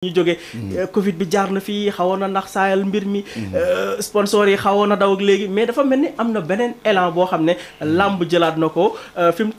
ñu mhm. euh, Covid bi jaar na fi xawona ndax mbir mi mhm. euh, sponsor yi xawona daw ak mais dafa melni amna benen élan bo mhm. euh,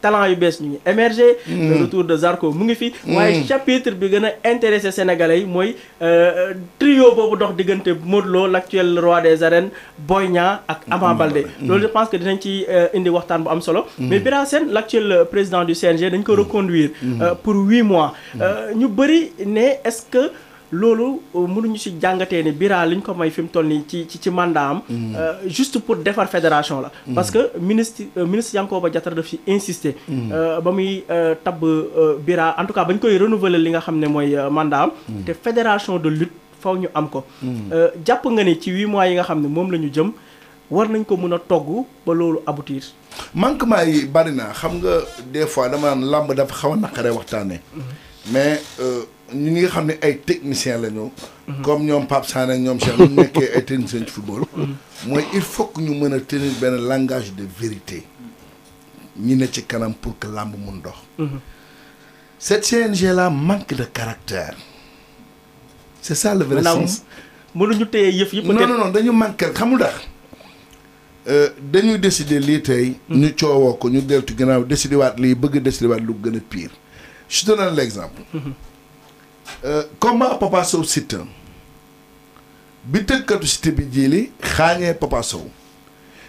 talent yu le retour de Zarko mu ngi chapitre bi a intéressé sénégalais trio bobu dox de Modlo l'actuel roi des arènes Boynia ak je pense que ci indi bu am mais l'actuel président du CNG dañ ko reconduire pour huit mois ñu ne est-ce que loolu euh, mënuñu ci jàngatee ni Bira li ñu ko may fi mu toll nii ci ci ci mandat am. Mm. Euh, juste pour defar fédération la. Mm. parce que ministre euh, ministre Yankoba Diattara daf ci insister. Mm. ba muy tabb Bira en tout cas ba ñu koy renouveler li nga xam ne mooy mandat am. te de lutte faw ñu am ko. jàpp nga ne ci huit mois yi nga xam ne moom la ñu jëm war nañ ko mën a togg ba loolu aboutir. manquement yi bari na xam nga des fois dama naan làmb dafa xaw a naqaree waxtaanee. Mm-hmm. ñi nga xam ne ay technicien la ñu comme ñoom Pape Sané ak ñoom Cheikh ñu nekkee ay technicien ci football mooy il faut que ñu mën a tenir benn langage de vérité ñi ne ci kanam pour que lamb mun dox cette CNG là manque de caractère c'est ça le vrai sens mënuñu téye yëf yëpp non non non dañu manqué xamul ndax euh, dañuy décider lii tey ñu hmm. coowoo ko ñu deltu gannaaw décider waat lii bëgg décider waat lu gën a pire je te donne l'exemple Euh, comment Papa Sow Siteu bi tëggkatu Siteu bi jiili xaañee Papa Sow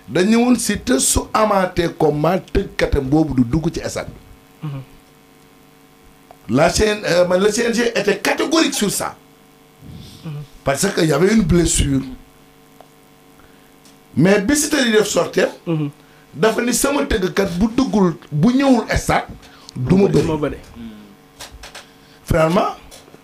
dañu ñëwoon Siteu su amaatee combat tëggkatam boobu du dugg ci stade bi mm-hmm. la CNG euh, man la CNG était catégorique sur ça mm-hmm. parce que y avait une blessure mais bi Siteu di def sorteem mm-hmm. dafa ni sama tëggkat bu duggul bu ñëwul stade du bëri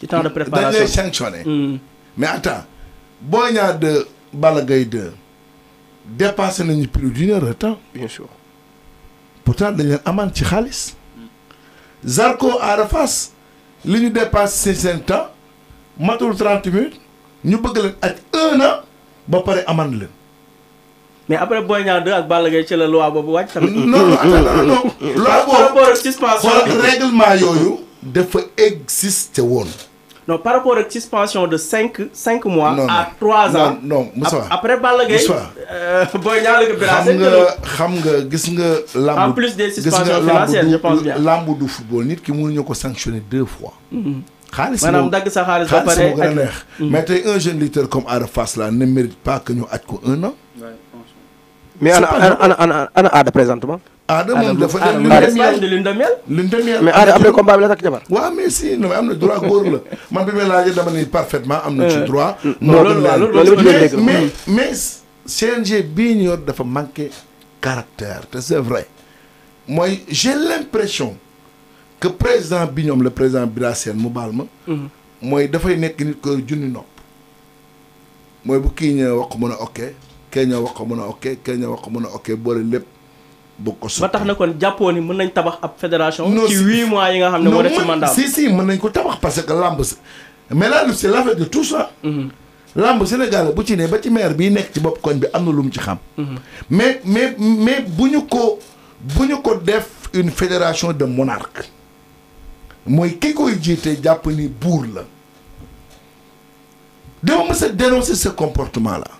ci temps de préparation hmm. mais attends Boy Niang 2 Balla Gaye 2 dépassé nañu plus dañ leen amaan ci xaalis. Zarko Ada li ñu dépassé seen temps matul ñu bëgg leen ak un ba pare amaan leen. mais après Boy Niang 2 ak Balla Gaye ci la loi boobu wàcc tamit. non non non non. loi boobu xoolal règlement Non, par rapport à une suspension de 5, 5 mois à 3 ans. Non, non, Moussa. Après Balagay, Moussa. Euh, en plus des suspensions financières, je pense bien. L'amour du football, nid qui mounio ko sanctionné deux fois. Mm-hmm. Mais un jeune leader comme Arafas là ne mérite pas que nous ayons un an mais ana ana ana ana Ada présentement. Ada moom dafa dem lune de miel lune mais après combat bi la takk jabar. waaw mais si nous am na droit góor la man bi may laajee dama ni parfaitement am na ci euh, droit. non non mais mais CNG bii ñu yor dafa manqué caractère c'est vrai moi j'ai l'impression que président bi le président brésilien Sène moi baal ma. Mhm. mooy dafay nekk nit ko junni nopp mooy bu kii ñëwee wax ko mën a ok. Kenya wax ko mën a Kenya wax ko mën a okkee boole lépp bu ko ba tax na kon jàppoo ni mën nañ tabax ab fédération. ci 8 mois yi nga xam ne moo def ci mandat si si mën nañ ko tabax parce que lamb mais là c'est l'affaire de tout ça. Mhm. lamb Sénégal bu ci né ba ci maire bi nekk ci bop koñ bi amna na lu mu ci xam. Mhm. mais mais mais buñu ko buñu ko def une fédération de monarque moy kiko jité japp ni bour la. dama mës dénoncer ce comportement là.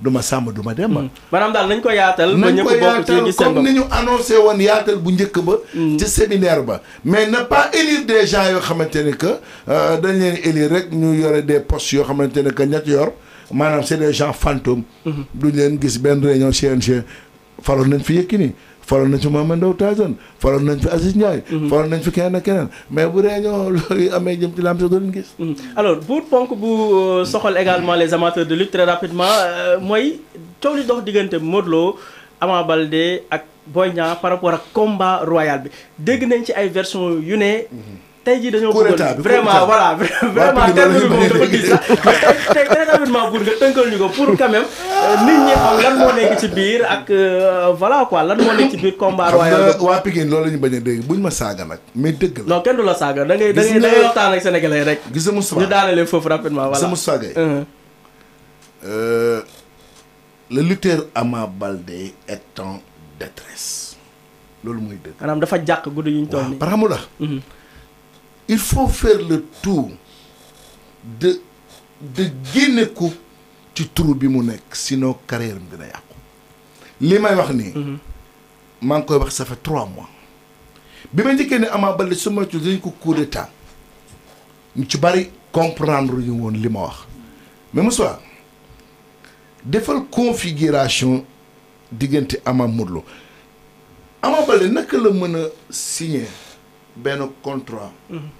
du ma sàmm du ma dem ba. Hmm. maanaam daal nañ ko yaatal. ba ñëpp bokk ci gis seen bopp nañ ko yaatal comme ni ñu woon yaatal bu njëkk ba. Hmm. ci séminaire ba mais ne pas élire des gens yoo xamante ne que euh, dañ leen élire rek ñu yore des postes yoo xamante ne que ñett yor maanaam c'est des gens fantômes. Hmm. duñ leen gis benn réunion CNG faroon nañ fi yëkki nii. faloon nañ fi Mame Ndao Tyson faloon nañ fi Aziz Ndiaye. Mhm. faloon nañ fi keneen ak keneen mais bu réunion loolu amee jëm ci lamb si doon gis. Mhm. alors pour ponk bu euh, soxal également les amateurs de lutte très rapidement euh, mooy coow li dox diggante Modou Lo Ama Baldé ak Boy par rapport ak combat royal bi dégg nañ ci ay version yu ne. Mhm. tey jii dañoo bëggoon vraiment voilà vraiment terme bi moom dafa diis sax tey très rapidement pour nga tënkal ñu ko pour quand même euh, nit ñi xam lan moo nekk ci biir ak euh, voilà quoi lan moo nekk ci biir combat royal waa Pikine loolu la ñu bañ a dégg buñ ma saaga nag mais dëgg la non kenn du la saaga da ngay da ngay da ngay waxtaan ak sénégalais rek gis nga Moustapha ñu daanalee foofu rapidement voilà sama saaga uh-huh. euh, le lutteur Ama Baldé est en détresse loolu mooy dëgg maanaam dafa jàq guddi yuñ toll nii par xamul uh-huh. la il faut faire le tour de de génne ko ci trou bi mu nek sinon carrière dina yàqu li may wax ni mhm. maa koy wax ça fait 3 mois bi ma njëkkee ne Ama balé su ci dañ ko coup d'état ñu ci bari comprendre ñu won li ma wax mais Moussa defal configuration diggante Ama Modou Ama balé nak la mën signer ben contrat. Mhm.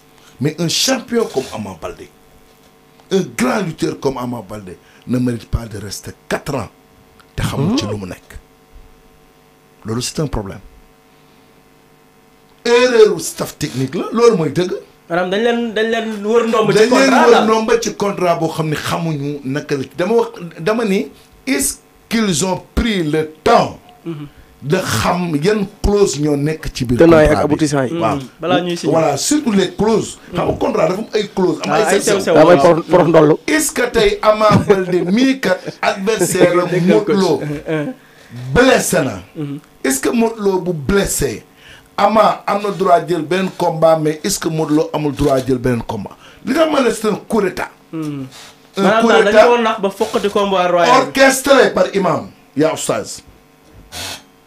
Mais un champion comme Aman Baldé, un grand lutteur comme Aman Baldé, ne mérite pas de rester 4 ans. Mmh. C'est un problème. erreur staff technique là, loolu mooy dëgg. maanaam dañ leen dañ leen wër ndomb ci contrat dañ wër ndomb ci contrat boo xam ne xamuñu naka la dama wax dama ni est-ce qu'ils ont pris le temps. Mhm. da xam yan clause ñoo nekk ci biir. contrat bi ak aboutissant yi. waaw mm, balaa ñuy surtout les clauses. xam mm. nga contrat dafa am ay clause am ay sew sew am ay porof ndollu. est-ce que tey Ama Baldé mii kat. adversaire la Modou Lo uh-huh. blessé na. Mm-hmm. est-ce que Modou Lo bu blessé. Ama am na droit jël benn combat mais est-ce que Modou Lo amul droit jël benn combat li nga xam ne c'est un coup d'état. Mm. un coup d'état par imam yaa oustaz.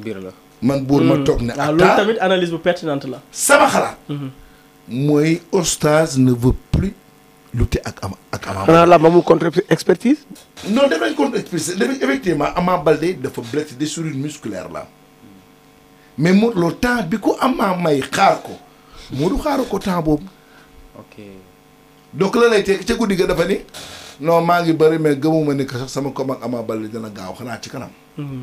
mbir la. man buur ma hmm. toog ne. ak loolu tamit analyse bu pertinente la. sama xalaat. Hmm. mooy Oustaz ne veut plus lutter ak ama ak Ama. xanaa la amul contre expertise. non def nañ contre expertise dafa blessé des souris musculaires la mais moo loolu temps bi ko Ama may xaar ko moo du xaaru ko temps boobu. ok donc la lay teg ca guddi dafa ni non maa ngi bëri mais gëmuma nekk sax sama kom ak Ama Baldé dina gaaw xanaa ci kanam. Hmm.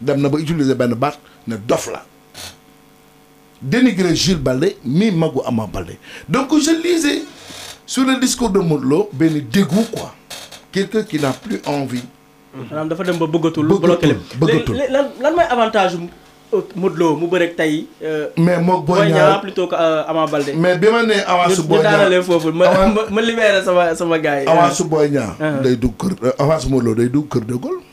dem na ba utiliser ben baat ne dof la dénigrer Jules Baldé mi magu Ama Balde donc je lisais sur le discours de Modlo ben benn dégoût quoi quelqu'un qui n'a plus envie. maanaam dafa dem ba bëggatul. bëggatul bëggatul lan lan moy avantage Modlo Lo mu bëreeg tay euh, mais mok Boy Niang plutôt que euh, Ama Baldé. mais bima né avance Boy Niang ñu daanalee foofu ma ma libéré sama sama gars avance Boy Niang. Ah. day dugg kër avance Modlo Lo day dugg kër de Gaulle.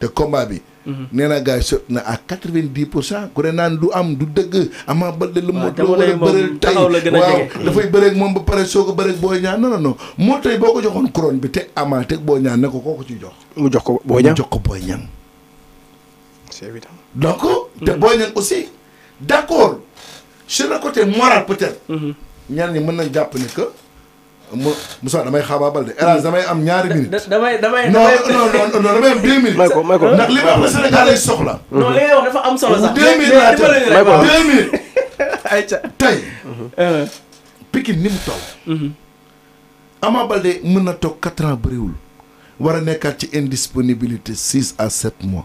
te combat bi. Mhm. nee naa gars yi sot na à quatre vingt pour cent ku ne naan du am du dëgg. Ama Baldé lu mot loo war a bëreel tey waaw dafay bëreeg moom ba pare soo ko bëreeg Boy Niang non non non ko joxoon couronne bi teg Ama teg Boy Niang ko ciy jox. mu jox ko Boy Niang mu jox ko Boy Niang. c'est évident. donc te mhm. Boy Niang aussi d'accord sur le côté moral peut-être. Mhm. ñaan ñi mën na jàpp ne que. mu Moussa damay xaabaabal de Elage damay am ñaari minutes. damay damay non non non am deux minutes. may ko may ko ndax li ma wax la soxla. non li ngay wax dafa am solo sax. deux minutes laa may ko deux euh. ni mu toll. Mm-hmm. Ama Baldé mën na toog quatre ans bëriwul. war a nekkaat ci indisponibilité six à sept mois.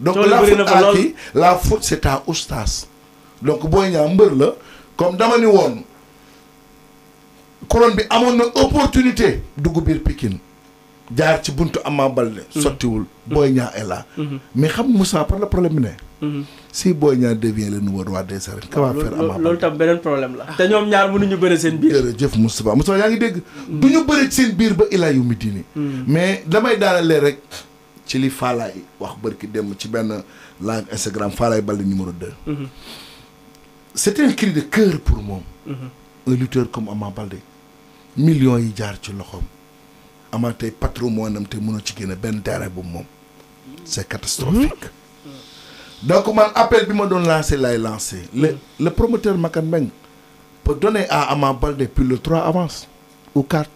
donc la faute à qui la faute c'est à oustaz donc Boy Niang mbër la comme dama ni woon couronne bi amoon na opportunité dugg biir Pikine jaar ci buntu Ama Baldé mhm. sottiwul Boy Niang est là mhm. mais xam Moussa par le problème bi ne mhm. si Boy Niang devient le nouveau roi des arènes que va faire Ama loolu tam beneen problème la te ñoom ñaar mënuñu bëri seen biir jërëjëf Moustapha Moustapha yaa ngi dégg du ñu bëri seen biir ba ilaa yu mi mais damay daanalee rek Chili li faalaay wax bërki dem ci benn live Instagram faalaay Baldé numéro 2. Mhm. c'était un cri de cœur pour moom. Mhm. un lutteur comme Ama Balde. millions yi jaar ci loxoom Ama tey patrimoine am te mënoo ci génne ben terrain bu moom c'est catastrophique. Mhm. donc man appel bi ma doon lancé lay lancé le le promoteur Makan Mbengue peut donner à Ama Balde, plus le trois avance, ou quatre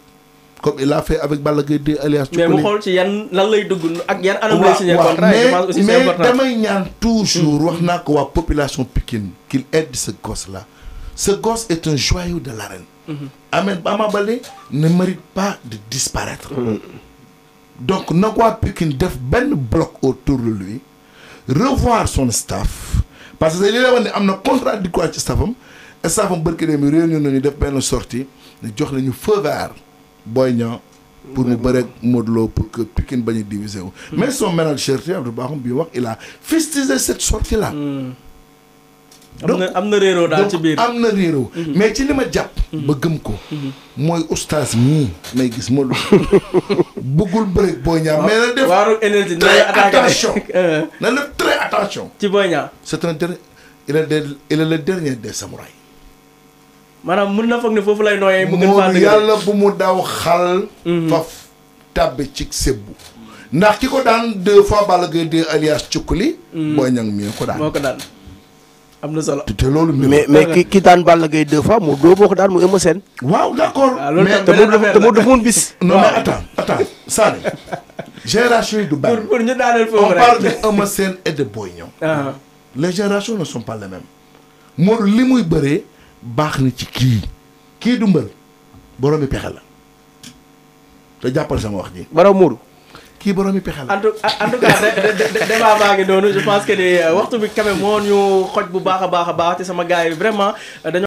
comme il l'a fait avec Balla Gaye 2 alias mais mu xool ci yan lan lay dugg ak yan anam lay signé contrat mais mais damay ñaan toujours hmm. wax naa ko waa population Pikine qu'il aide ce gosse là ce gosse est un joyau de l'arène hmm. Ahmed Ama Baldé ne mérite pas de disparaître hmm. donc na ko waa Pikine def benn bloc autour de lui revoir son staff parce que c'est a un contrat wax ne am staff. Et ci staffam staffam bërki dée mi réunion nañu fait une sortie ne jox nañu feu vert Boy Niang pour mu bëreeg Modou Lo pour que Pikine bañ a diviser wu. Mm. mais son manager Abdou Bakhoum bi wax il a festisé cette sortie là. Mm. donc am na réeroo daal ci biir am na réeroo. Mm-hmm. mais ci li ma jàpp. Mm-hmm. ba gëm ko. Mm-hmm. mooy oustaz mii may gis Modou bëggul bëreeg Boy Niang. mais na def waaru énergie na attention euh. na def ci Boy Niang. c'est un dernier il est le dernier des samouraïs. maanaam mën na foog foofu lay nooyee. mu gën faa yàlla bu mu daw xal. faf tàbbi ci sébbu. ndax ki ko daan deux fois Balla Gaye 2 alias Cukkuli. Boy Niang mi ko ko daan. am na solo te loolu. mais mais ki ki daan Balla Gaye deux fois mu doo boo ko daan mu Eumeu Sène. waaw d' accord. mais te mu te mu bis. non mais attends attends génération yi du bari. pour pour ñu daaneel foofu rek on parle de Eumeu Sène et de Boy Niang. les générations ne sont li muy bëree. baax na ci kii kii dumbal mbër borom bi pexe la te jàppal sama wax ji. borom Moodu. kii borom yi pexe la. en tout en tout cas débat baa ngi noonu je pense que ni euh, waxtu bi quand même moo ñu xoj bu baax a baax a baax te sama gars yi vraiment euh, dañoo.